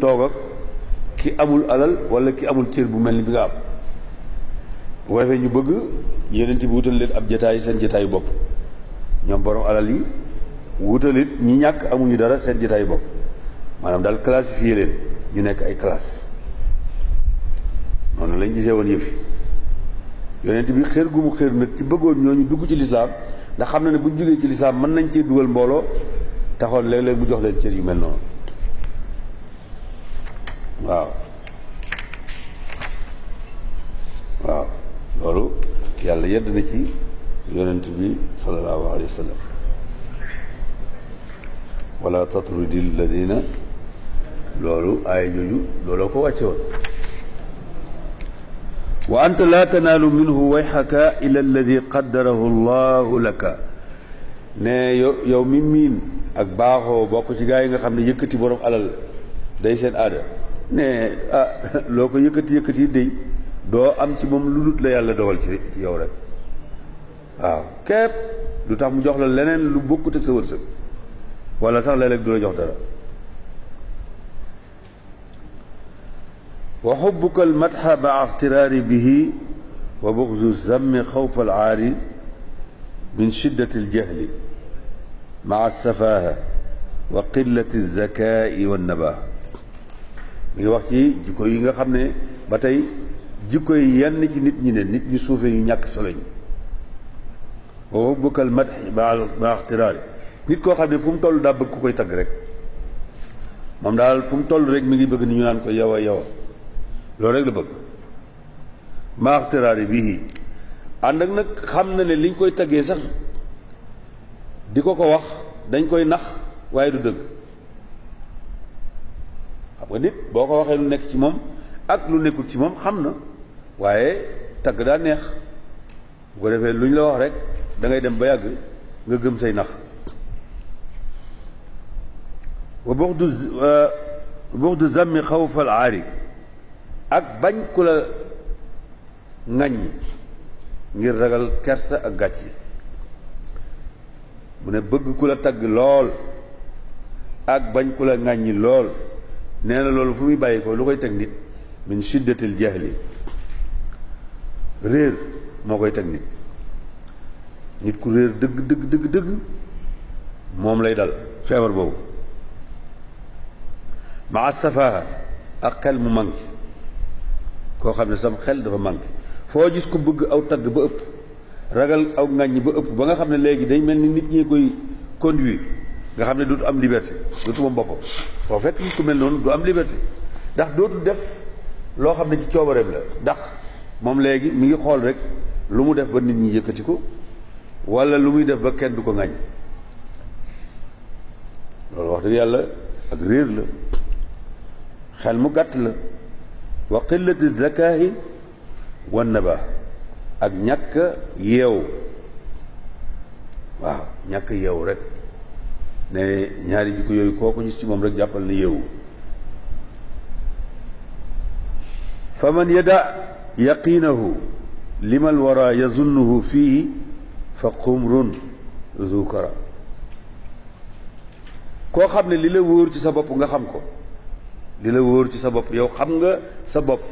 toog ak ki amul alal wala ki amul cër bu mel ni bi nga am bu ko defee ñu bëgg yenent bi wutal ab jataay seen jataayu bopp ñoom borom alal yi wutalit ñi ñàkk amuñu dara seen jataayu bopp maanaam daal classifié leen ñu nekk ay classe noonu lañ gisee woon yëf yonent bi xér gu mu xér nag ci bëggoon ñu dugg ci lislaam ndax xam na ne bu ñu jógee ci lislaam mën nañ cee dugal mbooloo taxoon léeg-léeg mu jox leen cër yu mel noonu waaw waaw loolu yàlla yedd na ci yonent bi sallallahu alayhi wa sallam wala tatrudi alladina loolu aaya jooju looloo ko wàcce woon wa anta laa tanaalu minhu wayxaka ila alladi qaddarahu allahu laka ne yow yow mi miin ak baaxoo bokk ci gaa yi nga xam ne yëkkati borom alal day seen aada ne ah loo ko yëkkati yëkkati dey doo am ci moom lu dut la yàlla dogal ci yow rek waaw képp du tax mu jox la leneen lu bokkut ak sa wërsëg wala sax léeg-léeg du la jox dara wa xubbuka almatxa maa ixtiraari bihi wa buxdu zammi xawfa alaari min shiddati aljahli maa alsafaha wa qillati alzakai wannabaha mi ngi wax ci jikko yi nga xam ne ba tey jikko yi yenn ci nit ñi ne nit ñu suufe ñu ñàkk solo ñi boobu bëkkal matax baax tiraari nit koo xam ne fu mu toll daa bëgg ku koy tagg rek moom daal fu mu toll rek mi ngi bëgg ni ñu naan ko yow a yow loolu rek la bëgg baax tiraari bii ànd ak nag xam na ne liñ koy taggee sax di ko ko wax dañ koy nax waaye du dëgg nga nit boo ko waxee lu nekk ci moom ak lu nekkul ci moom xam na waaye tagg daa neex bu ko defee lu ñu la wax rek dangay dem ba yàgg nga gëm say nax wa bux du bux du zammi aari ak bañ ku la ŋàññi ngir ragal kersa ak yi mu ne bëgg ku la tagg lool ak bañ ku la ŋàññi lool nee na loolu fu muy bàyyi ko lu koy teg nit min shiddatil jahli réer moo koy teg nit nit ku réer dëgg dëgg dëgg dëgg moom lay dal feebar boobu maa safaha ak xel mu manqué koo xam ne sam xel dafa manqué foo gis ku bëgg aw tagg ba ëpp ragal aw ŋàññ ba ëpp ba nga xam ne léegi day mel ni nit ñee koy conduire nga xam ne dootu am liberté dootu moom boppam en fait nit ku mel noonu du am liberté ndax dootul def loo xam ne ci coobareem la ndax moom léegi mi ngi xool rek lu mu def ba nit ñi yëkkati ko walla lu muy def ba kenn du ko ŋañ loolu wax dëgg yàlla ak réer la xel mu gàtt la wa qillati zakaahi wa ba ak ñàkk yeew waaw ñàkk yeew rek ne ñaari jikko yooyu kooku ñu gis ci moom rek jàppal na yeewu fa man yada yaqinahu limal wara yazunnuhu fii fa xumrun zukara koo xam ne li la wóor ci sa bopp nga xam ko li la wóor ci sa bopp yow xam nga sa bopp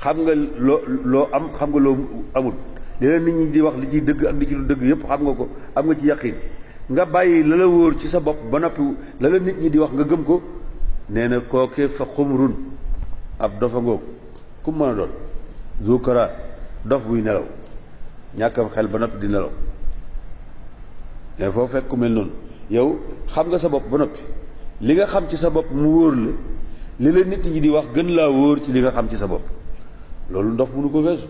xam nga loo loo am xam nga loo amul li la nit ñi di wax li ciy dëgg ak li ci lu dëgg yépp xam nga ko am nga ci yaqin nga bàyyi la la wóor ci sa bopp ba noppi la la nit ñi di wax nga gëm ko nee na kooke fa xumrun ab dofa ngoog ku mën a doon zukara dof wuy nelaw ñàkkam xel ba noppi di nelaw mais foo fekk ku mel noonu yow xam nga sa bopp ba noppi li nga xam ci sa bopp mu wóor la li la nit ñi di wax gën laa wóor ci li nga xam ci sa bopp loolu ndof mënu ko feesu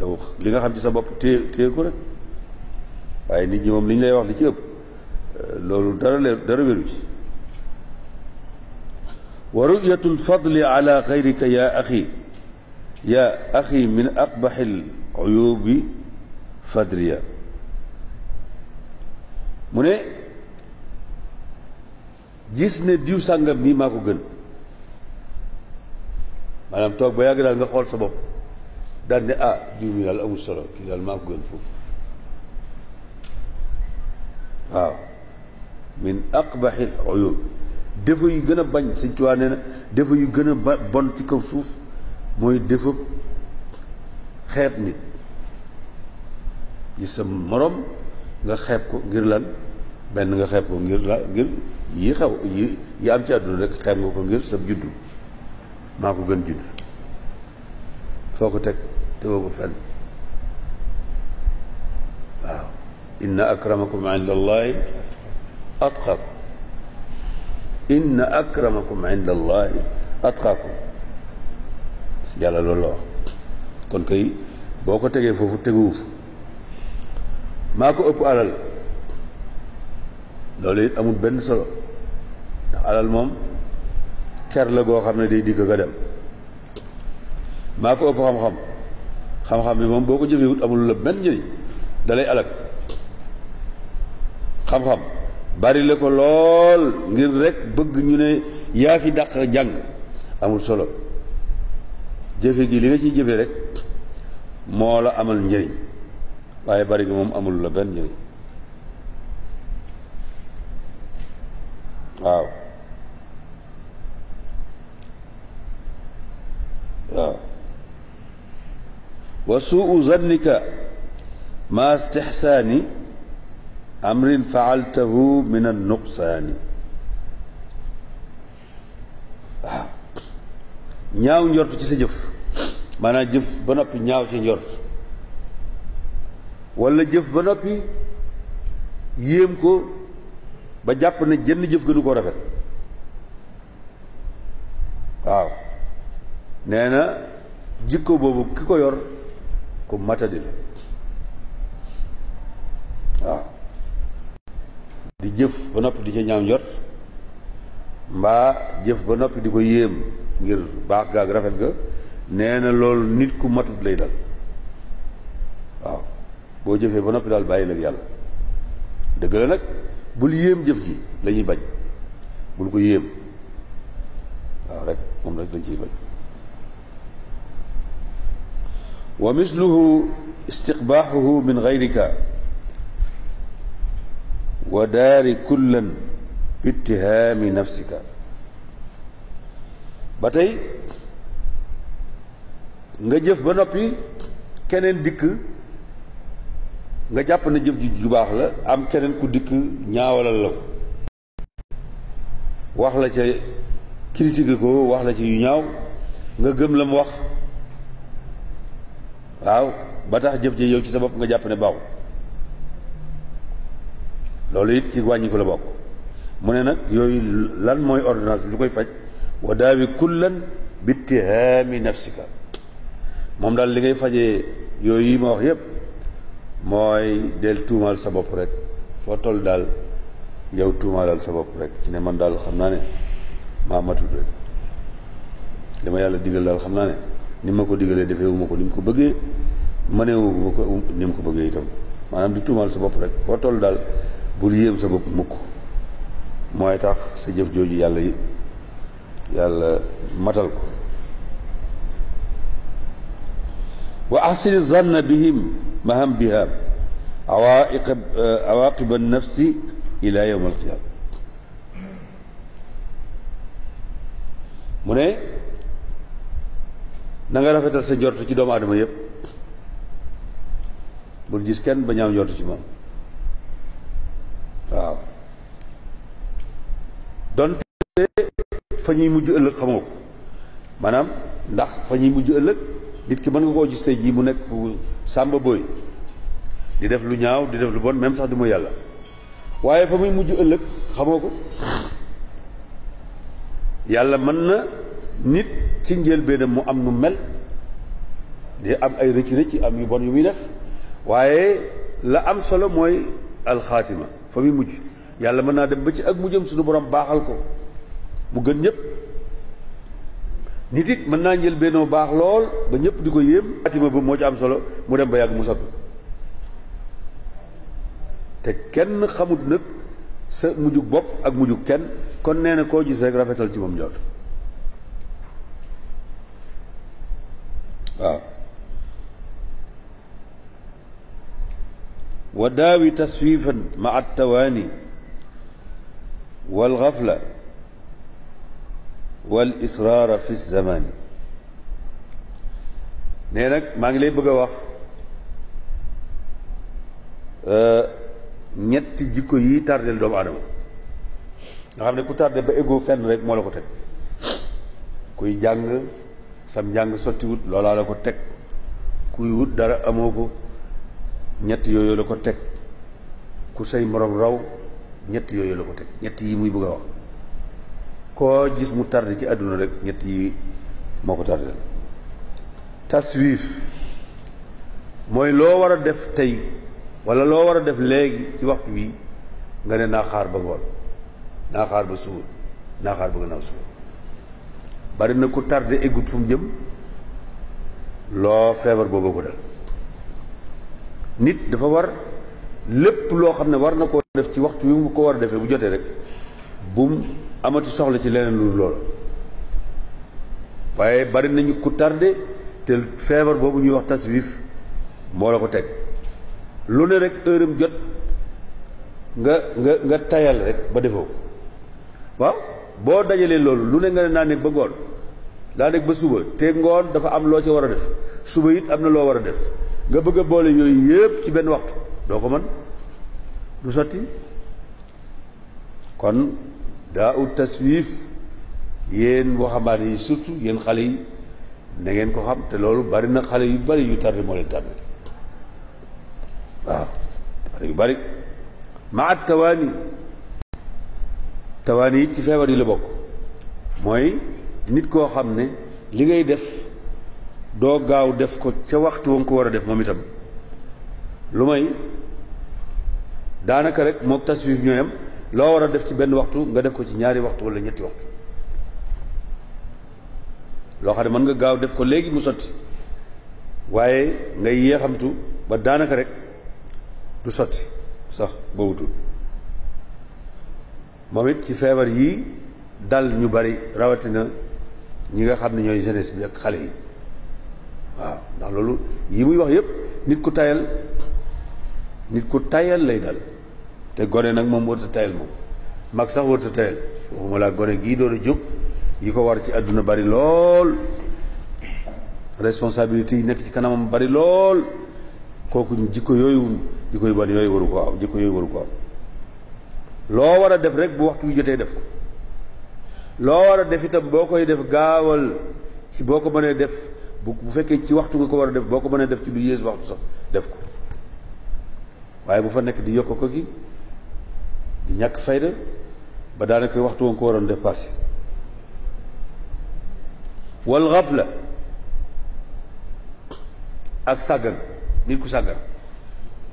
yow li nga xam ci sa bopp téye téye ko rek waaye nit ñi moom li lay wax li ci ëpp loolu dara leer dara wéru ci wa ruyatu lfadli ala xayrika ya axi ya axi min aqbaxil uyubi fadriya mu ne gis ne diw sàngam nii maa ko gën maanaam toog ba yàgg daal nga xool sa bopp daal ne ah diw mi daal amul solo kii daal maa ko gën waaw min aqbaxil uyub defa yu gën a bañ Sëñ Tuubaa na defa yu gën a bon ci kaw suuf mooy defa xeeb nit yi sa moroom nga xeeb ko ngir lan benn nga xeeb ko ngir la ngir yi xew yi am ci àdduna rek xeeb nga ko ngir sa juddu maa ko gën juddu foo ko teg te woo ko fenn waaw inna akramakum inda allahi atqakum inna akramakum inda allahi atqakum yàlla loolu la wax kon kay boo ko tegee foofu teguwuf maa ko ëpp alal loolu it amul benn solo alal moom ker la goo xam ne day dikk ka dem maa ko ëpp xam-xam xam-xam bi moom boo ko jëfewut amul la benn njëriñ dalay alag xam-xam bari la ko lool ngir rekk bëgg ñu ne yaa fi daq jàng amul solo jëfe gi li nga ciy jëfe rek moo la amal njëriñ waaye bari gi moom amul la benn njëriñ waaw waaw wa suu zannika ma amrin faaltahu min an nuqsaani waaw ñaaw njort ci sa jëf maanaam jëf ba noppi ñaaw ci njort walla jëf ba noppi yéem ko ba jàpp ne jënn jëf gënu koo rafet waaw nee na jikko boobu ki ko yor ku matadi la waaw di jëf ba noppi di ca ñaaw njot mbaa jëf ba noppi di ko yéem ngir baax gaag rafet ga nee na loolu nit ku matut lay dal waaw boo jëfee ba noppi daal bàyyi nag yàlla dëgg la nag bul yéem jëf ji lañuy bañ bul ko yéem waaw rek moom rek dañ ciy bañ wa misluhu istiqbaaxuhu min gayrika wa daari kullan bittihaami nafsika ba tey nga jëf ba noppi keneen dikk nga jàpp na jëf ji ju baax la am keneen ku dikk ñaawalal la ko wax la ca critique ko wax la ci yu ñaaw nga gëm la mu wax waaw ba tax jëf ji yow ci sa bopp nga jàpp ne baaxul loolu it ci wàññiku la bokk mu ne nag yooyu lan mooy ordinance bi lu koy faj wa daawi kullan bittihaami nafsika moom daal li ngay fajee yooyu ma wax yépp mooy del tuumaal sa bopp rek foo toll daal yow tuumaalal sa bopp rek ci ne man daal xam naa ne maa matut rek li ma xam naa ne ni ma ko digalee defee ko ni ko bëggee mënee wu ma ko ni mu ko bëggee itam maanaam di tuumaal sa bopp rek foo toll daal bul yéem sa bopp mukk mooy tax sa jëf jooju yàlla yàlla matal ko wa axsini zanna bihim maham biha awaaqiba awaaqiba nafsi ila yowm alqiyaama mu ne na rafetal sa njort ci doomu aadama yëpp bul gis kenn ba ñaaw njort ci moom waaw donte fa ñuy mujj ëllëg xamoo ko maanaam ndax fa ñuy mujj ëllëg nit ki mën nga koo gis tey jii mu nekk sàmba booy di def lu ñaaw di def lu bon même sax du yàlla waaye fa muy mujj ëllëg xamoo ko yàlla mën na nit ci njëlbéenam mu am nu mel di am ay rëcc rëcc am yu bon yu muy def waaye la am solo mooy alxaatima fa muy mujj yàlla mën naa dem ba ci ak mujjam suñu borom baaxal ko mu gën ñépp nit it mën naa njël bennoo baax lool ba ñëpp di ko yéem xaatima ba moo ci am solo mu dem ba yàgg mu soppi te kenn xamut nag sa mujjug bopp ak mujjug kenn kon nee na koo gis rek rafetal ci moom njort waaw وداوي تسفيفا مع التواني والغفلة والإصرار في الزمان nee nag maa ngi lay bëgg a wax euh, ñetti jikko yi tardel doomu aadama nga xam ne ku tardé ba égo fenn rek moo la ko teg kuy jàng sam njàng sottiwut loolaa la ko teg kuy wut dara amoo ko ñett yooyu la ko teg ku say morom raw ñett yooyu la ko teg ñett yi muy bëgg a wax koo gis mu tardé ci àdduna rek ñett yi moo ko tardé taswiif mooy loo war a def tey walla loo war a def léegi ci waxtu bi nga ne naa xaar ba ngoon naa xaar ba suba naa xaar ba gannaaw suba bari na ku tardé eggut fu jëm loo feebar boobu ko dal nit dafa war lépp loo xam ne war na koo def ci waxtu wi mu ko war a defee bu jotee rek bum amati soxla ci leneen lu lool waaye bari nañu ku tardé te feebar boobu ñuy wax taswif moo la ko teg lu ne rek heure am jot nga nga nga tayal rek ba defoo waaw boo dajalee loolu lu ne nga ne naa ne bëggoon daa nekk ba suba te ngoon dafa am loo ci war a def suba it am na loo war a def nga bëgg a boole yooyu yépp ci benn waxtu doo ko man du sotti kon daa ut taswif yéen waxambaane yi surtout yéen xale yi na ngeen ko xam te loolu bari na xale yu bari yu tardé moo leen tardé waaw xale yu bari maa tawaani tawaani it ci feebar yi la bokk mooy nit koo xam ne li ngay def doo gaaw def ko ca waxtu wa nga ko war a def moom itam lu may daanaka rek mook taswif ñooyam loo war a def ci benn waxtu nga def ko ci ñaari waxtu wala ñetti waxtu loo xam ne mën nga gaaw def ko léegi mu sotti waaye ngay yéexamtu ba daanaka rek du sotti sax ba wutul moom it ci feebar yi dal ñu bari rawatina ñi nga xam ne ñooy jeunesse bi ak xale yi waaw ndax loolu yi muy wax yëpp nit ko tayal nit ku tayal lay dal te gone nag moom warut a tayal moom mag sax warut a tayal waxuma laa gone gii doon a jóg yi ko war ci àdduna bari lool responsabilité yi nekk ci kanamam bari lool kooku jikko yooyu jikko yu ban yooyu waru ko am jikko yooyu waru ko am loo war a def rek bu waxtu wi jotee def ko loo war a def itam boo koy def gaawal si boo ko mënee def bu bu fekkee ci waxtu nga ko war a def boo ko mënee def ci lu yées waxtu sax def ko waaye bu fa nekk di yokk ko gi di ñàkk fayda ba daanaka waxtu woon ko waroon dépassé wal la ak sàggan nit ku sàggan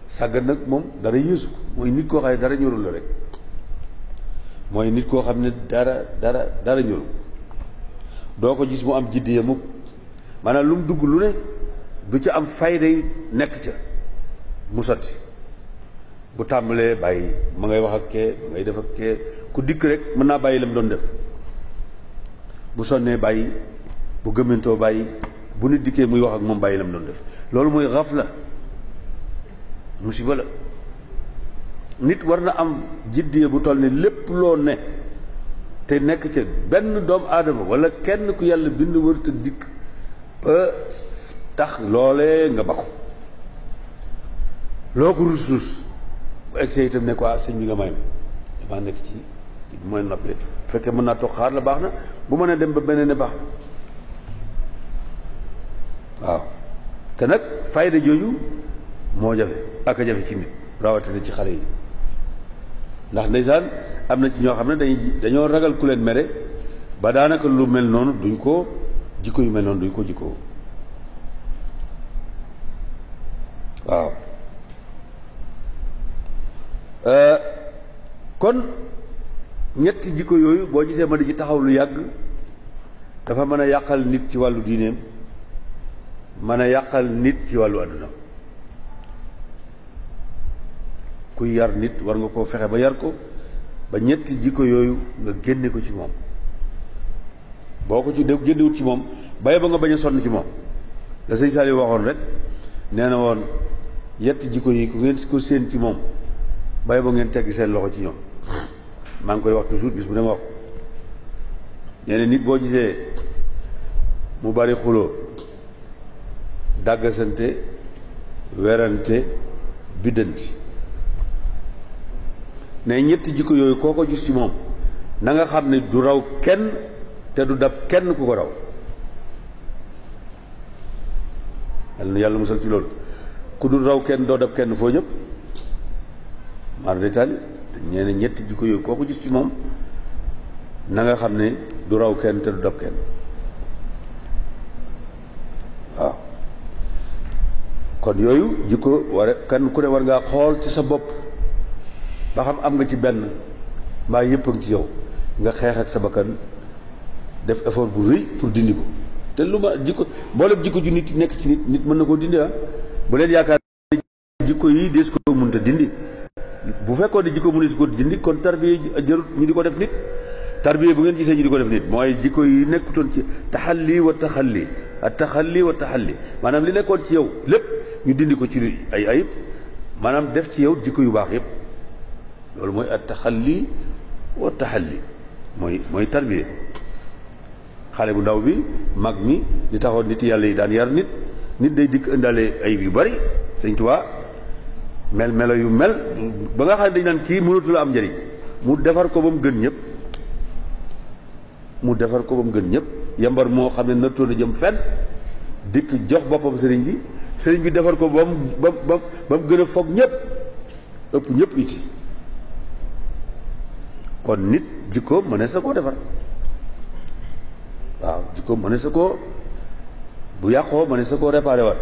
sàggan nag moom dana yéesu ko mooy nit koo xam ne dara ñorul la rek mooy nit koo xam ne dara dara dara ñëlu doo ko gis mu am jiddiya mukk maanaam lu mu dugg lu ne du ci am fayda nekk ca mu sotti bu tàmbalee bàyyi ma ngay wax ak kee ma ngay def ak kee ku dikk rek mën naa bàyyi la mu doon def bu sonnee bàyyi bu gëmmantoo bàyyi bu nit dikkee muy wax ak moom bàyyi la mu doon def loolu mooy xaf la musiba la nit war na am jiddiye bu toll ni lépp loo ne te nekk ca benn doomu aadama wala kenn ku yàlla bind wërta dikk ba tax loolee nga ba ko loo ko ruus bu egsee itam ne ko ah, sëñ bi nga may ma damaa nekk ci ci bu may fekkee mën naa toog xaar la baax na bu mën a dem ba beneen ne baax na waaw te nag fayda jooju moo jafe ak a jafe ci nit rawatina ci xale yi ndax ndeysaan am na ci ñoo xam ne dañuy dañoo ragal ku leen mere ba daanaka lu mel noonu duñ ko jikko yu mel noonu duñ ko jikko waaw euh, kon ñetti jikko yooyu boo gisee ma di taxaw lu yàgg dafa mën a yàqal nit ci wàllu diineem mën a yàqal nit ci wàllu àdduna kuy yar nit war nga koo fexe ba yar ko ba ñetti jikko yooyu nga génne ko ci moom boo ko ci de génnewut ci moom bay ba nga bañ a sonn ci moom da sëñ Saliou waxoon rek nee na woon yetti jikko yi ku ngeen ko séen ci moom bay ba ngeen tegg seen loxo ci ñoom maa ngi koy wax toujours bis mu ne ma wax nee na nit boo gisee mu bari xuloo dàggasante werante biddanti ne ñetti jikko yooyu koo ko gis ci moom nanga xam ne du raw kenn te du dab kenn ku ko raw yàlla na yàlla musal ci loolu ku dul raw kenn doo dab kenn foo ñëpp maar de taali ñee ñetti jikko yooyu koo ko gis ci moom na nga xam ne du raw kenn te du dab kenn waaw kon yooyu jikko war kan ku ne war ngaa xool ci sa bopp ba xam am nga ci benn mbaa yëpp ci yow nga xeexak sa bakkan def effort bu rëy pour dindi ko te lu ma jikko mboolem jikko ju nit nekk ci nit nit mën na koo dindi ah bu leen yaakaar jikko yi des ko mënta dindi bu fekkoon ne jikko mënees ko dindi kon tarbiye jarut ñu di ko def nit tarbiye bu ngeen gisee ñu di ko def nit mooy jikko yi nekkutoon ci taxalli wa taxalli ak taxalli wa taxalli maanaam li nekkoon ci yow lépp ñu dindi ko ci ay ayib maanaam def ci yow jikko yu baax yëpp loolu mooy at oo taxal taxalli mooy mooy tarbiya xale bu ndaw bi mag mi li taxoon nit yàlla yi daan yar nit nit day dikk indaale ay yu bari sëñ Tuubaa mel melo yu mel ba nga xam ne dañ naan kii mënatul am njariñ mu defar ko ba mu gën ñëpp mu defar ko ba mu gën ñëpp yambar moo xam ne nattoon a jëm fenn dikk jox boppam sëriñ bi sëriñ bi defar ko ba mu ba mu ba mu gën a foog ñëpp ëpp ñëpp iti kon nit jikkoom mënees sa koo defar waaw jikkoom ne sa koo bu yàqoo ne sa koo réparé waat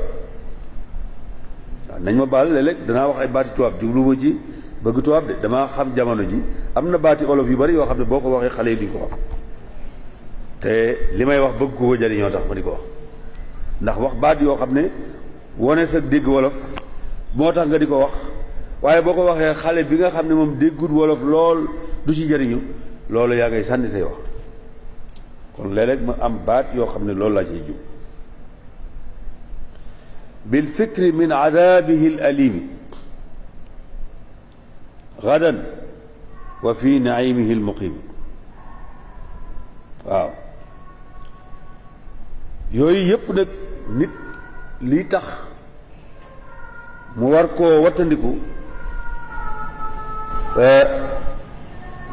waaw nañ ma baal léeg-léeg danaa wax ay baati tubaab jubluwuma ci bëgg tubaab de damaa xam jamono ji am na baati olof yu bari yoo xam ne boo ko waxee xale yi ko te li may wax bëgg ko jariñoo tax ma wax baat yoo xam ne wone sa dégg wolof moo tax nga di ko wax waaye boo ko waxee xale bi nga xam ne moom déggut wolof lool du ci jëriñu loolu yaa ngay sànni say wax kon léeg ma am baat yoo xam ne loolu laa ciy jub bil fikri min adabihi al alimi gadan wa fi naimihi al muqimi waaw yooyu yëpp nag nit lii tax mu war koo wattandiku eh,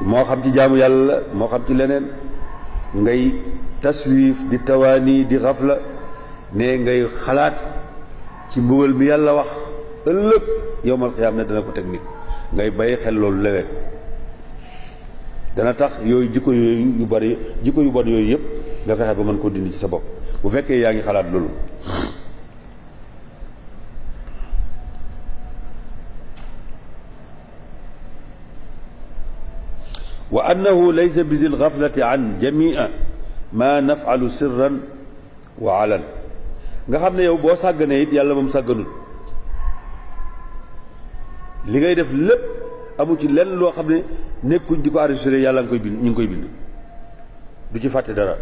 moo xam ci jaamu yàlla la moo xam ci leneen ngay taswif di tawaani di xafla ne ngay xalaat ci mbugal mi yàlla wax ëllëg yowmal xiyaam ne dana ko teg nit ngay bàyyi xel loolu leneen dana tax yooyu jikko yooyu yu bari jikko yu bon yooyu yëpp nga fexe ba mën koo dindi ci sa bopp bu fekkee yaa ngi xalaat loolu annahu laysa bizil xaflati an jamia ma nafalu sirran wa alan nga xam ne yow boo sàgganee it yàlla moom sàgganul li ngay def lépp amu ci lenn loo xam ne nekkuñ di ko enregistré yàlla nga koy bind ñu ngi koy bind du ci fàtte dara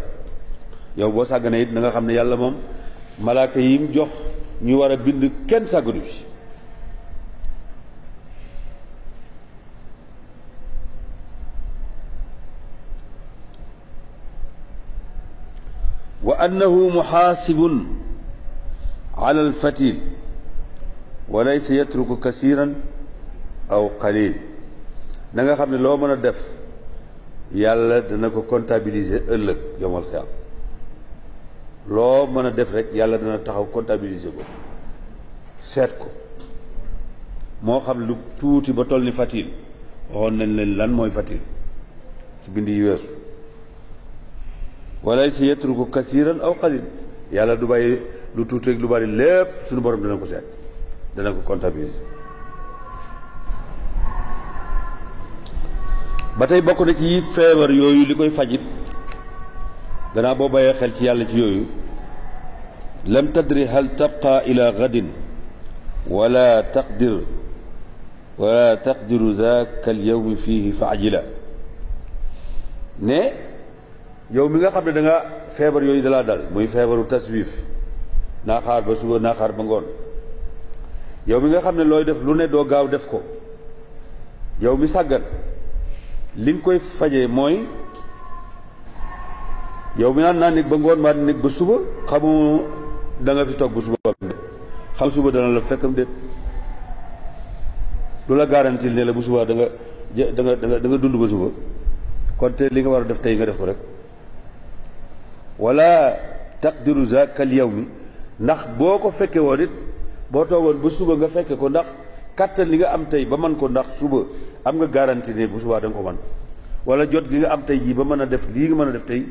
yow boo sàgganee it na nga xam ne yàlla moom malaaka yi mu jox ñu war a bind kenn sàgganu ci wa mu annahu muxaasibun ala alfatil wa laysa yatruku kasiran aw qalil na nga xam ne loo mën a def yàlla dana ko comptabiliser ëllëg yomal xiyaam loo mën a def rek yàlla dana taxaw comptabiliser ko seet ko moo xam lu tuuti ba toll ni fatil waxoon nañ leen lan mooy fatil ci bind yi weesu wala si yatruku kasiran aw xalil yàlla du bàyyi lu tuuti ak lu bari lépp suñu borom dana ko seet dana ko comptabiliser ba tey bokk na ci feebar yooyu li koy fajit gannaaw boo bàyyee xel ci yàlla ci yooyu lam tadri hal tabqa ila gadin wala taqdir wala taqdiru zaaka al yawmi fiihi fa ajila ne yow mi nga xam ne danga feebar yooyu dalaa dal muy feebaru taswif naa xaar ba suba naa ba ngoon yow mi nga xam ne looy def lu ne doo gaaw def ko yow mi sàggan li nga koy fajee mooy yow mi naan naa néeg ba ngoon maa nekk ba suba xamu danga fi toog ba suba xam suba dana la fekkam déet lu la garantil ne la bu danga da da nga dund ba suba kon te li nga war a def tey nga def ko rek wala taqdiru za kal yawmi ndax boo ko fekkee woon it boo toogoon ba suba nga fekke ko ndax kàttan li nga am tey ba mën ko ndax suba am nga garanti ne bu subaa da ko mën wala jot gi nga am tey jii ba mën a def lii nga mën a def tey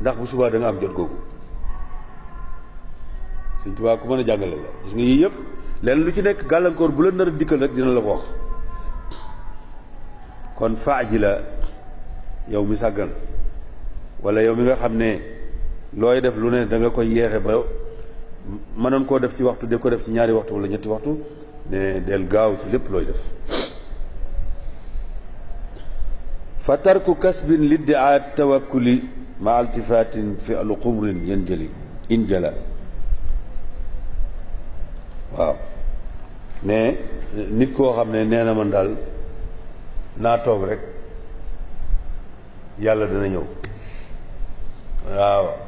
ndax bu subaa danga am jot googu Sëñ Tuubaa ku mën a jàngale la gis nga yii yëpp leen lu ci nekk gàllankoor bu la nar a dikkal rek dina la ko wax kon faa la yow mi sàggan wala yow mi nga xam ne looy def lu ne danga koy yeexe ba mënoon koo def ci waxtu de ko def ci ñaari waxtu wala ñetti waxtu ne del gaaw ci lépp looy def fa tarku kasbin liddiaa tawakkuli ma altifatin filu xumrin yanjali injala waaw ne nit koo xam ne nee na man daal naa toog rek yàlla dana ñëw waaw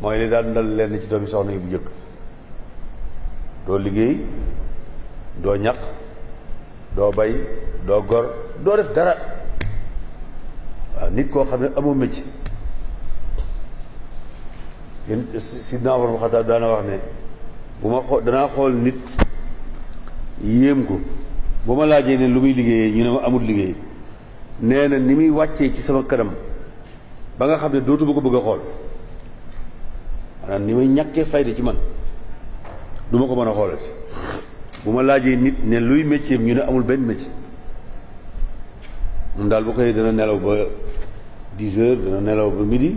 mooy li daan dal lenn ci doomi soxna yi bu njëkk doo liggéey doo ñaq doo bay doo gor doo def dara waaw nit koo xam ne amoo ma ci Sidna Umar bu Xattaab wax ne bu ma xool danaa xool nit yéem ko bu ma laajee ne lu muy liggéeyee ñu ne ma amul liggéey nee na ni muy wàccee ci sama kanam ba nga xam ne dootuma ko bëgg a xool maanaam ni may ñàkkee fayda ci man du ma ko mën a xoolati bu ma laajee nit ne luy métier ñu ne amul benn métier moom daal bu xëyee dana nelaw ba dix dana nelaw ba midi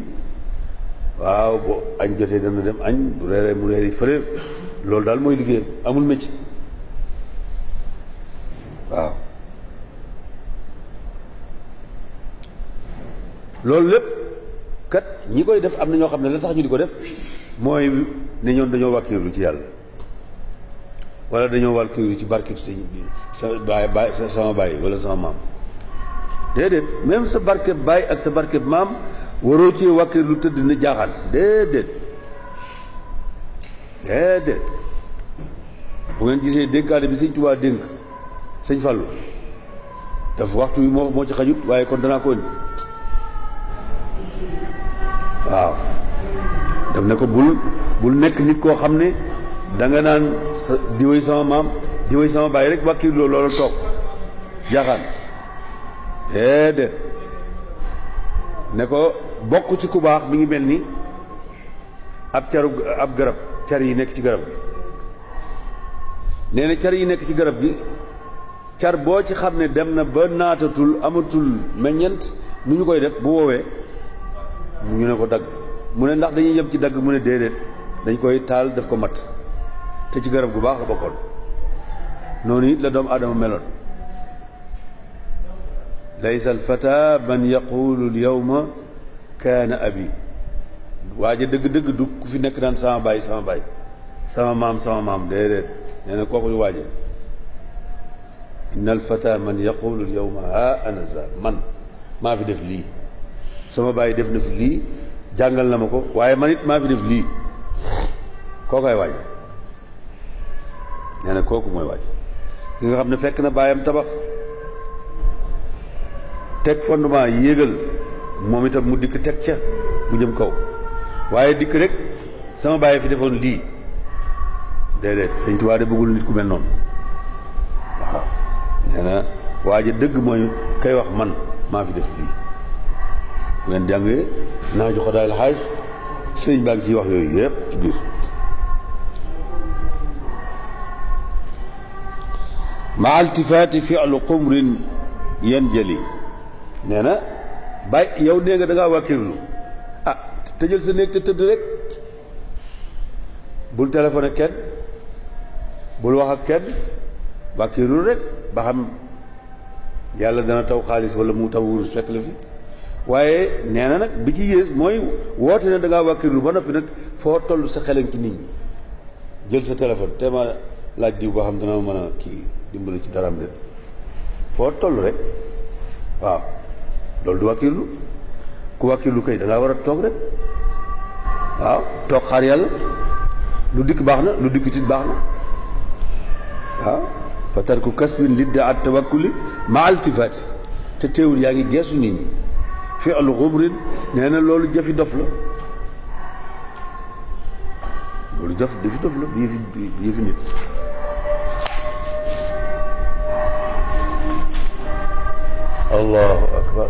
waaw bu añ jotee dana dem añ bu reeree mu reeri fële loolu daal mooy liggéeyam amul métier waaw loolu lépp kat ñi koy def am na ñoo xam ne la tax ñu di ko def mooy ne ñoom dañoo wàkkiirlu ci yàlla walla dañoo wàkkiirlu ci barkeb sëñ bi sa baay sama baay wala sama maam déedéet même sa barkeb baay ak sa barkeb maam waroo ci wàkkiirlu tëdd na jaaxaan déedéet déedéet bu ngeen gisee dénkaane bi sëñ Tuubaa dénk sëñ Fallu dafa waxtu wi moo moo ci xajut waaye kon danaa ko indi waaw daf ne ko bul bul nekk nit koo xam ne danga nga naan sa diwéy sama maam diwéy sama baay rek wàkkiir loolu loola toog jaaxaan déedéet ne ko bokk ci ku baax mi ngi mel ni ab caru ab garab car yi nekk ci garab gi nee na car yi nekk ci garab gi car boo ci xam ne dem na ba naatatul amatul meññent nu ñu koy def bu woowee ñu ne ko dagg mu ne ndax dañuy yem ci dagg mu ne déedéet dañ koy taal daf ko mat te ci garab gu baax la bokkoon noonu it la doomu aadama meloon laysa al fata man yaqulu al yawma kaana abi waa ja dëgg-dëgg du ku fi nekk daan sama baay sama baay sama maam sama maam déedéet nee na kooku waaje inna al fata man yaqulu al yawma ha ana man maa fi def lii sama baay def na fi lii jàngal na ma ko waaye man it maa fi def lii kookaay koy waaj nee na kooku mooy waaj ki nga xam ne fekk na baayam tabax teg fondement yéegal moom itam mu dikk teg ca mu jëm kaw waaye dikk rek sama baay fi defoon lii déedéet sëñ Tuubaa de bëggul nit ku mel noonu waaw nee na dëgg mooy kay wax man maa fi def lii bu ngeen jàngee naa jox ko daal xaaj ciy wax yooyu yëpp ci biir maa iltifaati fi'lu qumrin yanjali nee na bàyyi yow nee nga da ah tëjal sa néeg te tëdd rek bul téléphoné kenn bul wax ak kenn wàkkirlu rek ba xam yàlla dana taw xaalis wala mu taw wurus fekk la fi waaye nee na nag bi ci yées mooy woote ne da ngaa wàkkirlu ba noppi nag foo toll sa xelan ci nit ñi jël sa téléphone te ma laaj diw boo xam dina mën a kii dimbali ci daraam de foo toll rek waaw loolu du wàkkirlu ku wàkkirlu kay da ngaa war a toog rek waaw toog xaar yàlla lu dikk baax na lu dikk tit baax na waaw fa tarku kasbin lidda at tawakkuli ma altifaati te teewul yaa ngi geesu nit ñi fi al xumrin nee na loolu jëfi dof la loolu jëf jëfi dof la bi yëfi bi yëfi nit allahu akbar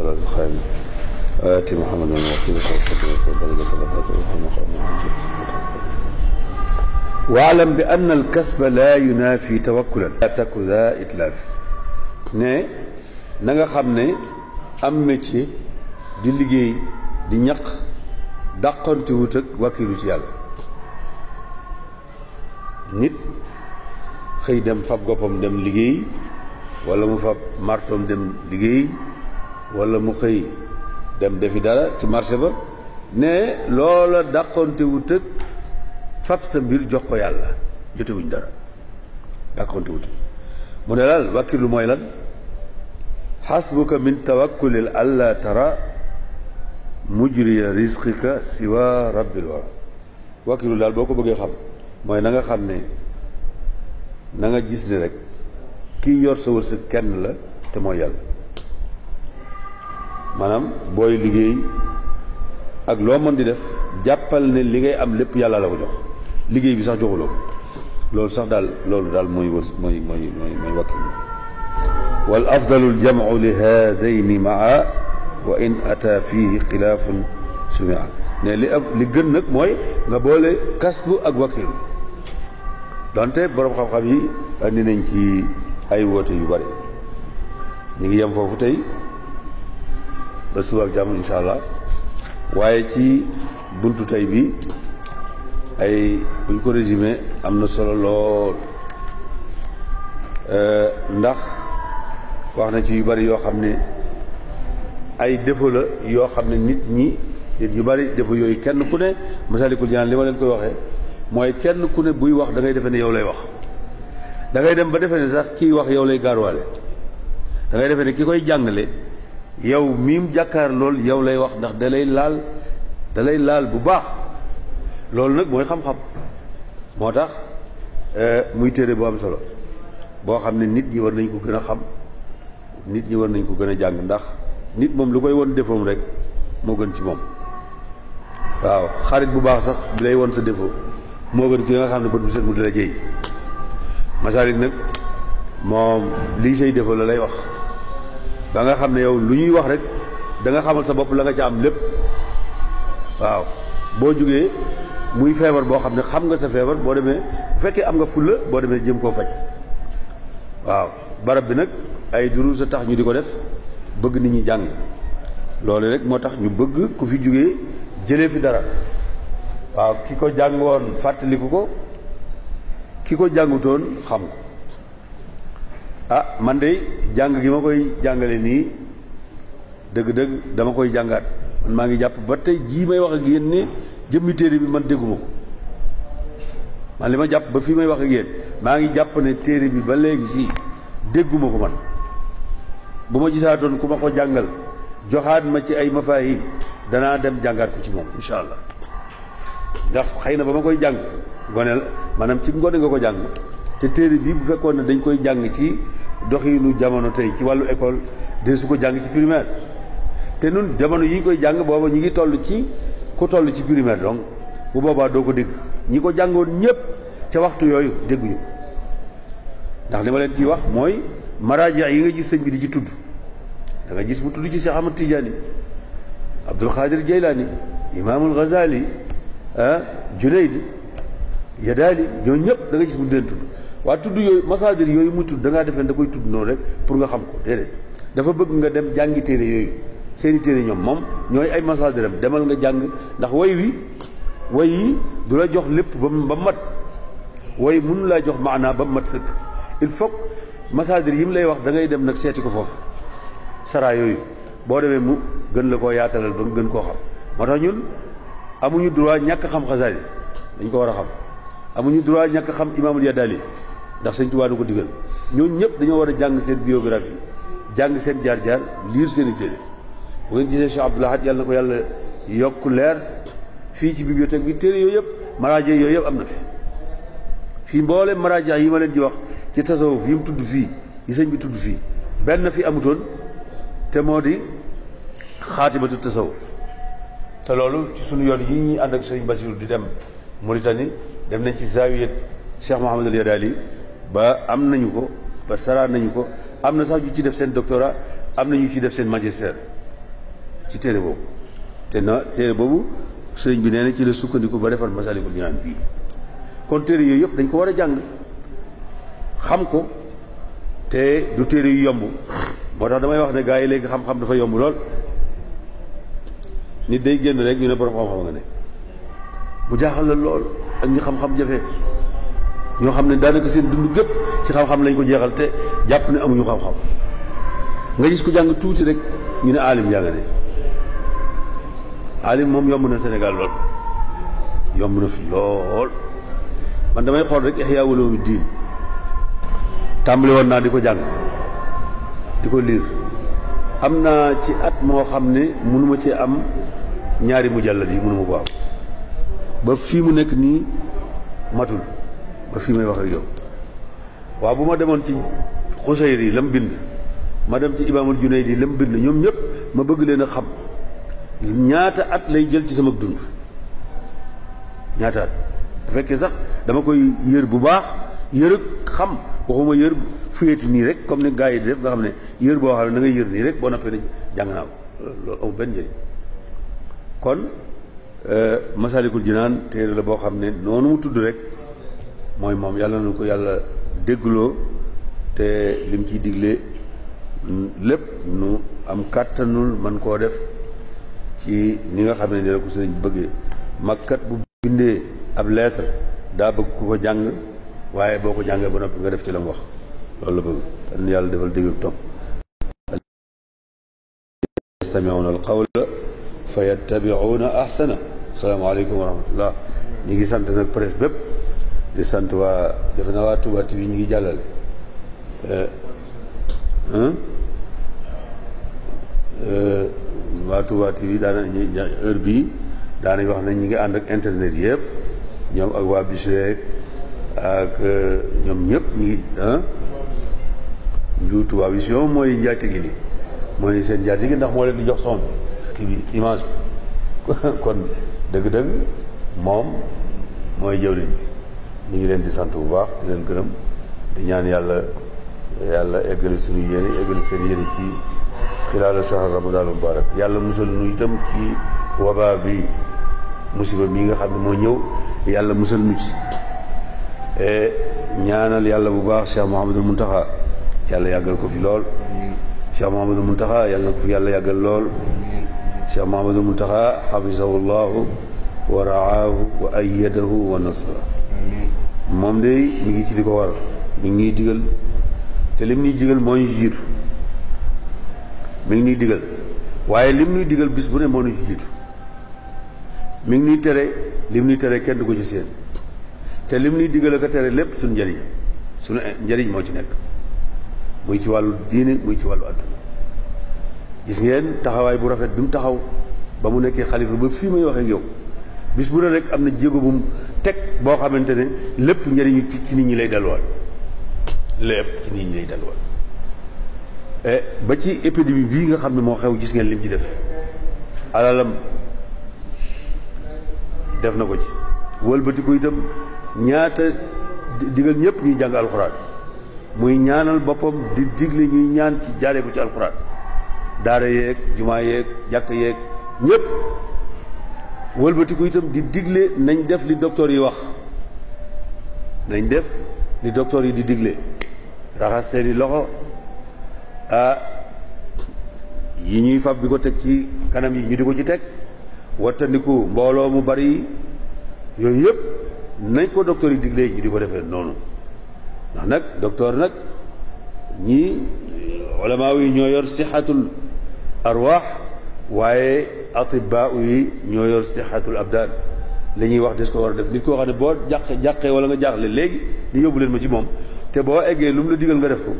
الخيل bi محمد الوسيلة والفضيلة والدرجة الرفعة واعلم بأن الكسب لا ينافي توكلا لا تك ne xam ne am métier di liggéey di ñaq dàqante wut ak wàkkilu yàlla nit xëy dem fab goppam dem liggéey wala mu fab martoom dem liggéey wala mu xëy dem defi dara ci marché ba ne loola dàqonte wu tëg fab sa mbir jox ko yàlla jotewuñ dara dàqonte wu tëg mu ne laal wàkkilu mooy lan xasbuka min tawakkulil alla tara mujriya risqika siwa rabbil wara wàkkilu daal boo ko bëggee xam mooy na nga xam ne nanga nga gis ni rek kii yor sa wërsëg kenn la te mooy yàlla maanaam booy liggéey ak loo mën di def jàppal ne li ngay am lépp yàlla la ko jox liggéey bi sax joxuloo loolu sax daal loolu daal mooy wër mooy mooy mooy mooy wakkil wal afdalu aljamcu li haadayni maa wa in ata fihi xilaafun sumia ne li am li gën nag mooy nga boole kasbu ak wakkil donte borom xam-xam yi andi nañ ci ay woote yu bari ñu ngi yem foofu tey ba suba ak jàmm incha allah waaye ci buntu tey bi ay buñ ko résumé am na solo lool euh, ndax wax na ci yu bari yoo xam ne ay défaut la yoo xam ne nit ñi nit ñu bari défaut yooyu kenn ku ne Masaalikul Jinaan li ma leen koy waxee mooy kenn ku ne buy wax da ngay defe ne yow lay wax dangay dem ba defe ne sax kiy wax yow lay gaaruwaale dangay ngay defe ne ki koy jàngale yow miim jàkkaar lool yow lay wax ndax da laal dalay laal bu baax loolu nag mooy xam-xam moo tax euh, muy téere bu am solo boo xam ne nit ñi war nañ ko gën a xam nit ñi war nañ ko gën a jàng ndax nit moom lu koy won defoom rek moo gën ci moom waaw xarit bu baax sax bi lay won sa défaut moo gën ki nga xam ne bët bu set mu di la jëy masalit nag moom li say défaut la lay wax ba nga xam ne yow lu ñuy wax rek da nga xamal sa bopp la nga ca am lépp waaw boo jógee muy feebar boo xam ne xam nga sa feebar boo demee bu fekkee am nga fulla boo demee jëm koo faj waaw barab bi nag ay duruus a ñu di ko def bëgg nit ñi jàng loolu rek moo tax ñu bëgg ku fi jógee jëlee fi dara waaw ki ko jàngoon fàttaliku ko ki ko jàngutoon xam a ah, man de jàng gi ma koy jàngale nii dëgg-dëgg dama koy jàngaat man maa ngi jàpp ba tey jii may wax ak yéen ne jëmmi téere bi man dégguma ko man li ma jàpp ba fii may wax ak yéen maa ngi jàpp ne téere bi ba léegi si dégguma ko man bu ma gisaatoon ku ma ko jàngal joxaat ma ci ay mafahim danaa dem jàngaat ko ci moom incha allah ndax xëy na ba ma koy jàng gone la maanaam ci ngone nga ko jàng te téere bi bu fekkoon na dañ koy jàng ci doxinu jamono tey ci wàllu école de su ko jàng ci primaire te nun jamono yi ñu koy jàng booba ñu ngi toll ci ku toll ci primaire donc bu boobaa doo ko dégg ñi ko jàngoon ñëpp ca waxtu yooyu dégguñu ndax li ma leen ciy wax mooy maraaja yi nga gis sëñ bi di ci tudd da nga gis mu tudd ci Cheikh Ahmad Tidiane Abdul Qadir Jeylaani Imaamul Ghazali ah Junayd Yadaali ñoo ñëpp danga nga gis mu leen tudd waa tudd yooyu masaadir yooyu mu tudd da ngaa defee da koy tudd noonu rek pour nga xam ko déedéet dafa bëgg nga dem jàngi téere yooyu seeni téere ñoom moom ñooy ay masaadiram demal nga jàng ndax way wi way yi du la jox lépp ba ba mat way mënu laa jox maanaa ba mu mat sëkk il faut masaadir yi mu lay wax dangay dem nag seeti ko foofu saraa yooyu boo demee mu gën la koo yaatalal ba nga gën koo xam moo tax ñun amuñu droit ñàkk xam xasaali dañ ko war xam amuñu droit ñàkk xam imaamul yaddaali ndax sañ Tuubaa du ko digal ñooñu ñëpp dañoo war a jàng seen biographie jàng seen jaar-jaar liir seen i téere bu ngeen gisee Cheikh Abdoul yàlla na ko yàlla yokk leer fii ci bibliothèque bi téere yooyu yëpp maraaje yooyu yëpp am na fi fii mboolem maraaje yi ma leen di wax ci tasawuf yi mu tudd fii yi sëñ bi tudd fii benn fi amutoon te moo di xaatimatu tasawuf te loolu ci sunu yoon yi ñuy ànd ak sëñ Basiru di dem Mauritanie dem nañ ci zaawiyat Cheikh Mouhamadul Yadaali ba am nañu ko ba sara nañu ko am na sax ñu ci def seen doctorat am na ñu ci def seen magistère ci téere boobu te na téere boobu seriñ bi nee na ci la sukkandiku ba defar Masaalikul Jinaan bii kon téere yooyu yëpp dañ ko war a jàng xam ko te du téere yu yomb moo tax damay wax ne gars yi léegi xam-xam dafa yomb lool nit day génn rek ñu ne borom xam-xam nga ne mu jaaxal la lool ak ñu xam-xam jafe ñoo xam ne daanaka seen dund gépp ci xam-xam lañ ko jeexal te jàpp ni amuñu xam-xam nga gis ko jàng tuuti rek ñu ne alim jàng ne alim moom yomb na Sénégal lool yomb na fi lool man damay xool rek Ihya Ulumi Diin tàmbali naa di ko jàng di ko liir am naa ci at moo xam ne mënuma ci am ñaari mujallad yi mënuma ko am ba fii mu nekk nii matul ba fii may waxee ak yow waaw bu ma demoon ci xuseyri yi la mu bind ma dem ci imaamul junaydi yi la mu bind ñoom ñëpp ma bëgg leen a xam ñaata at lay jël ci sama dund ñaata at bu fekkee sax dama koy yër bu baax yërëg xam waxuma yër fuyeeti nii rek comme ni gars yi di def nga xam ne yër boo xam ne da ngay yër nii rek boo noppee ne jàng naa ko loolu amul benn njëriñ kon euh, masalikul jinaan téere la boo xam ne noonu mu tudd rek mooy moom yàlla nañu ko yàlla déggloo te lim ciy digle lépp nu am kàttanul mën koo def ci ni nga xam ne ni la ko sëriñ bëggee magkat bu bindee ab lettre daa bëgg ko ko jàng waaye boo ko jàngee ba noppi nga def ci la mu wax loolu la bëgg tan yàlla defal dégg ak topp yastami'una al-qawla fayattabi'una ahsana asalaamaaleykum wa rahmatullah ñi ngi sant nag presse bépp di sant waa defe na waa Touba TV ñu ngi jàllale eh, eh, waa Touba wi daana heure bii daanañ wax ne ñi ngi ànd ak internet yëpp ñoom ak waa Bichri ak eh, ñoom ñëpp ñu ngi njuutu waa Vision mooy njaati gi ni mooy seen njaati gi ndax moo leen di jox son kii bi image bi kon dëgg-dëgg moom mooy jëwriñ bi ñu ngi leen di sant bu baax di leen gërëm di ñaan yàlla yàlla eggale suñu yéene eggale seen yéene ci xilaalu shahr ramadan mubarak yàlla musal nu itam ci wabaa bi musiba mi nga xam ne moo ñëw yàlla musal nu ci e ñaanal yàlla bu baax Cheikh mu Muntaxa yàlla yàggal ko fi lool Cheikh mu Muntaxa yàlla ko fi yàlla yàggal lool Cheikh Mouhamadul Muntaxa xafisahu llahu wa raahu wa ayyadahu wa nasara moom de mi ngi ci di ko waral mi ngi ñuy digal te lim ñuy jigal moo ñu jiitu mi ngi ñuy digal waaye lim ñuy digal bis bu ne moo ñu ci jiitu mi ngi ñuy tere lim ñuy tere kenn du ko ci seen te lim ñuy digal ko tere lépp suñu njëriñ suñu njëriñ moo ci nekk muy ci wàllu diine muy ci wàllu àdduna gis ngeen taxawaay bu rafet bi mu taxaw ba mu nekkee xalifa ba fii may wax yow bis bu ne rek am na jéego bu mu teg boo xamante ne lépp njëriñu ci ci nit ñi lay delluwaat lépp ci nit ñi lay delluwaat e, ba ci épidémie bii nga xam ne moo xew gis ngeen lim ci def alalam def na ko ci wëlbati ko itam ñaata digal ñëpp ñuy jàng alxuraan muy ñaanal boppam di digle ñuy ñaan ci jaaree ci alxuraan daara yeeg jumaa yeeg jàkk yeeg ñépp wëlbatiku itam di digle nañ def li docteur yi wax nañ def li docteur yi di digle raxas seeni loxo ah yi ñuy fab bi ko teg ci kanam yi ñu di ko ci teg wattandiku mbooloo mu bari yooyu yëpp nañ ko docteur yi diglee ñu di ko defee noonu ndax nag docteur nag ñii olamaa yi ñoo yor sixatul arwaax waaye atibaa yi ñoo yor sixatul abdaan li ñuy wax des ko war a def nit koo xam ne boo jàq jàqee wala nga jaaxle léegi ni yóbbu leen ma ci moom te boo eggee lu mu la digal nga def ko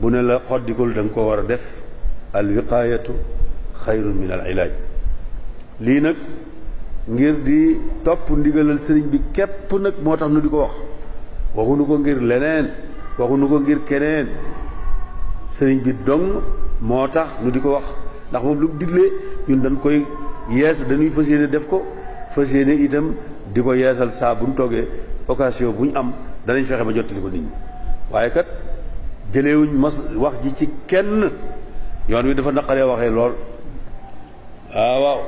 bu ne la xoddikul da nga ko war a def al wiqaayatu xayrun min al ilaaj lii nag ngir di topp ndigalal sëriñ bi képp nag moo tax nu di ko wax nu ko ngir leneen nu ko ngir keneen sëriñ bi dong moo tax nu di ko wax ndax moom lu mu ñun dañ koy yees dañuy fas yéene def ko fas yéene itam di ko yeesal saa bu ñu toogee occasion bu ñu am danañ fexe ba jottali ko nit ñi waaye kat jëleewuñ mas wax ji ci kenn yoon wi dafa naqaree waxee lool ah waaw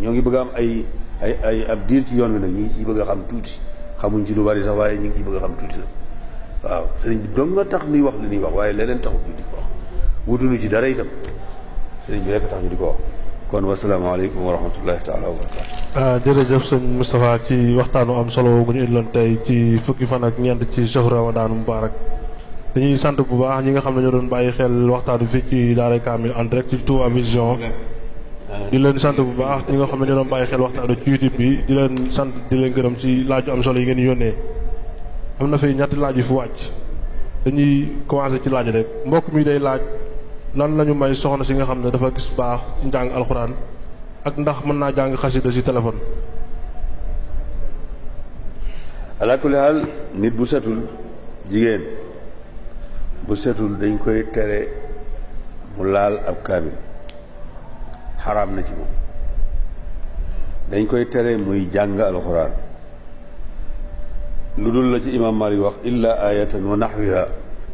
ñoo ngi bëgg am ay ay ay ab diir ci yoon wi nag ñu ngi ciy bëgg a xam tuuti xamuñ ci lu bari sax waaye ñu ngi ci bëgg a xam tuuti la waaw sëriñ bi dong tax nuy wax li ñuy wax waaye leneen taxut ñu di wax wutuñu ci dara itam sëriñ bi rek tax ko kon wasalaamaaleykum wa rahmatullahi taala wa barakaatu ah, jërëjëf sëñ Moustapha ci waxtaanu am solo gu ñu indiloon tey ci fukki fan ak ñeent ci shahru Ramadan mubaarak dañuy sant bu baax ñi nga xam ne ñoo doon bàyyi xel waxtaanu fii ci Daaray Kaamil en direct ci Touba Vision di leen sant bu baax ñi nga xam ne ñoo doon bàyyi xel waxtaanu ci YouTube bi di leen sant di leen gërëm ci laaju am solo yi ngeen yónnee am na fay ñetti laaj yu fi wàcc dañuy commencé ci laaj rek mbokk mi day laaj lan lañu ñu may soxna si nga xam ne dafa gis baax njàng alxuraan ak ndax mën naa jàng xasida ci téléphone. ala kulli nit bu setul jigéen bu setul dañ koy tere mu laal ab kaamil xaraam na ci moom dañ koy tere muy jàng alxuraan lu dul la ci imaam Maalik wax illa ayatan wa naxwiha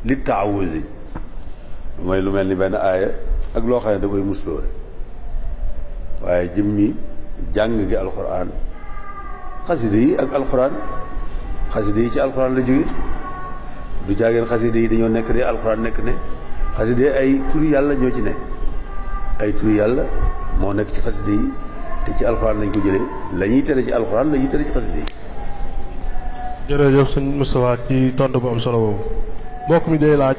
li taawuzi mooy lu mel ni benn aaya ak loo xam ne da koy muslóore waaye jëmmi jàng gi alxuraan xasida yi ak alxuraan xasida yi ci alxuraan la jóge du jaageen xasida yi dañoo nekk de alxuraan nekk ne xasida yi ay turi yàlla ñoo ci ne ay turi yàlla moo nekk ci xasida yi te ci alxuraan lañ ko jëlee lañuy ñuy tere ci alxuraan la ñuy tere ci xasida yi jërëjëf sëñ Moustapha ci tontu bu am solo boobu mbokk mi day laaj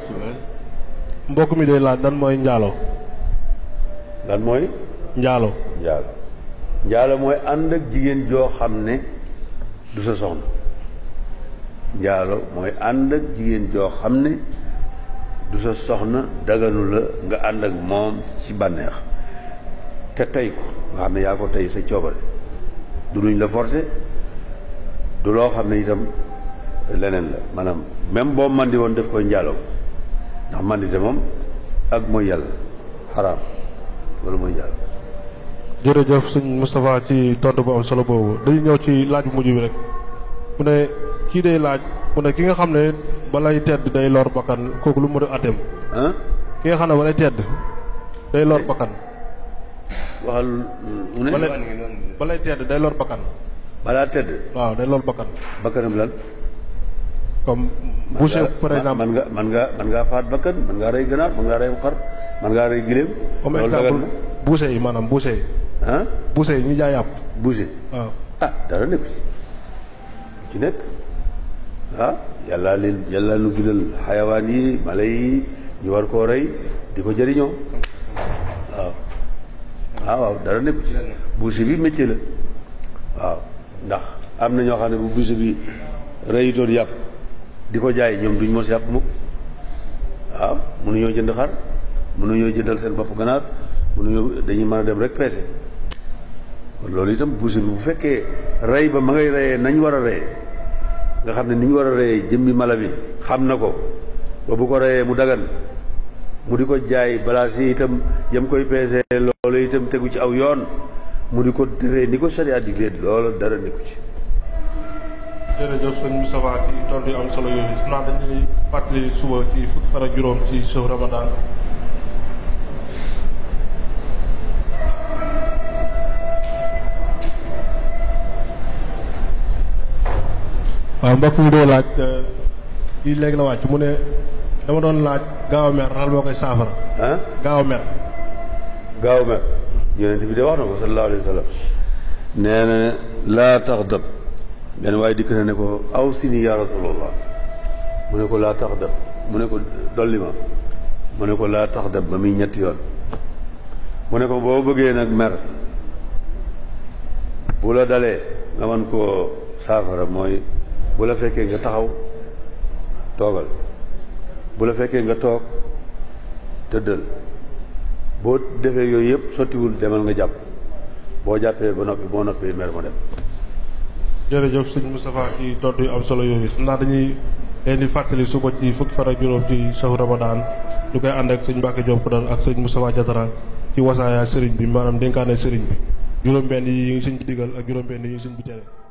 mbokk mi day laaj dan mooy njaalo. lan mooy. njaalo njaalo. njaalo mooy ànd ak jigéen joo xam ne du sa soxna. njaalo mooy ànd ak jigéen joo xam ne du sa soxna daganu la nga ànd ak moom ci bànneex te tey ko nga xam ne yaa ko tey sa coobare du luñ la forcé du loo xam ne itam leneen la maanaam même boo man woon def koy njaaloo ndax mandite moom ak mooy yàlla xaraam wala mooy yàlla. jërëjëf sëñ Moustapha ci tont bu am solo boobu dañu ñëw ci laaj bu mujj bi rek mu ne kii day laaj mu ne ki nga xam ne balay tedd day lor bakkan kooku lu mu mën ki nga xam ne balay tedd day lor bakkan. waxal mu ne. balay balay tedd day bakkan. balaa tedd. waaw day lor bakkan. bakkanam lan. comme boucher par exemple man nga man nga man ngaa faat bakkan man ngaa rey ganaar man ngaa rey xar man ngaa rey giléem comme yi maanaam boucher yi ah yi ñu jaay yàpp boucher waaw ah dara nekku ci ci nekk ah yi mala yi ñu di ko jëriñoo waaw ah waaw dara nekku ci boucher la waaw ndax am na ñoo xam ne bu boucher bi rey yàpp di ko jaay ñoom duñ mos yàpp mukk waaw mënuñoo jënd xar mënuñoo jëndal seen bopp ganaar mënuñoo dañuy mën a dem rek peese kon loolu itam boucher bi bu fekkee rey ba ma ngay reyee nañ war a reyee nga xam ne ni war a reyee jëmmi mala bi xam na ko ba bu ko reyee mu dagan mu di ko jaay balaas yi itam yam koy peese loolu itam tegu ci aw yoon mu di ko defee ni ko sariya digle loola dara nekku ci jërëjëf sëñ Moustapha ci tool yu am solo yooyu su naa dañuy fàttali suba ci fukki fan juróom ci sëw Ramadan. waaw mbokk mi doo laaj kii euh, léegi la wàcc mu ne dama doon laaj gaaw a mer lan moo koy saafara. ah gaaw mer. gaaw mer yonent nee na laa taxdab benn waaye dikk na ne ko aw si nii yaa rasulallah mu ne ko laa tax dab mu ne ko dolli ma mu ne ko laa tax dab ba muy ñetti yoon mu ne ko boo bëggee nag mer bu la dalee nga man koo saafara mooy bu la fekkee nga taxaw toogal bu la fekkee nga toog tëddal boo defee yooyu yëpp sottiwul demal nga jàpp boo jàppee ba noppi boo noppee mer ma dem jërëjëf sëñ Moustapha ci dodd yu am solo yooyu xam naa dañuy leen di fàttali suba ci fukki fan ak juróom ci saxu Ramadan ñu koy ànd ak sëñ Mbacke Diop dal ak sëñ Moustapha Diatara ci wasaaya sëriñ bi maanaam dénkaane sëriñ bi juróom-benn yi yi sëñ bi digal ak juróom-benn yi ngi sëñ bi tere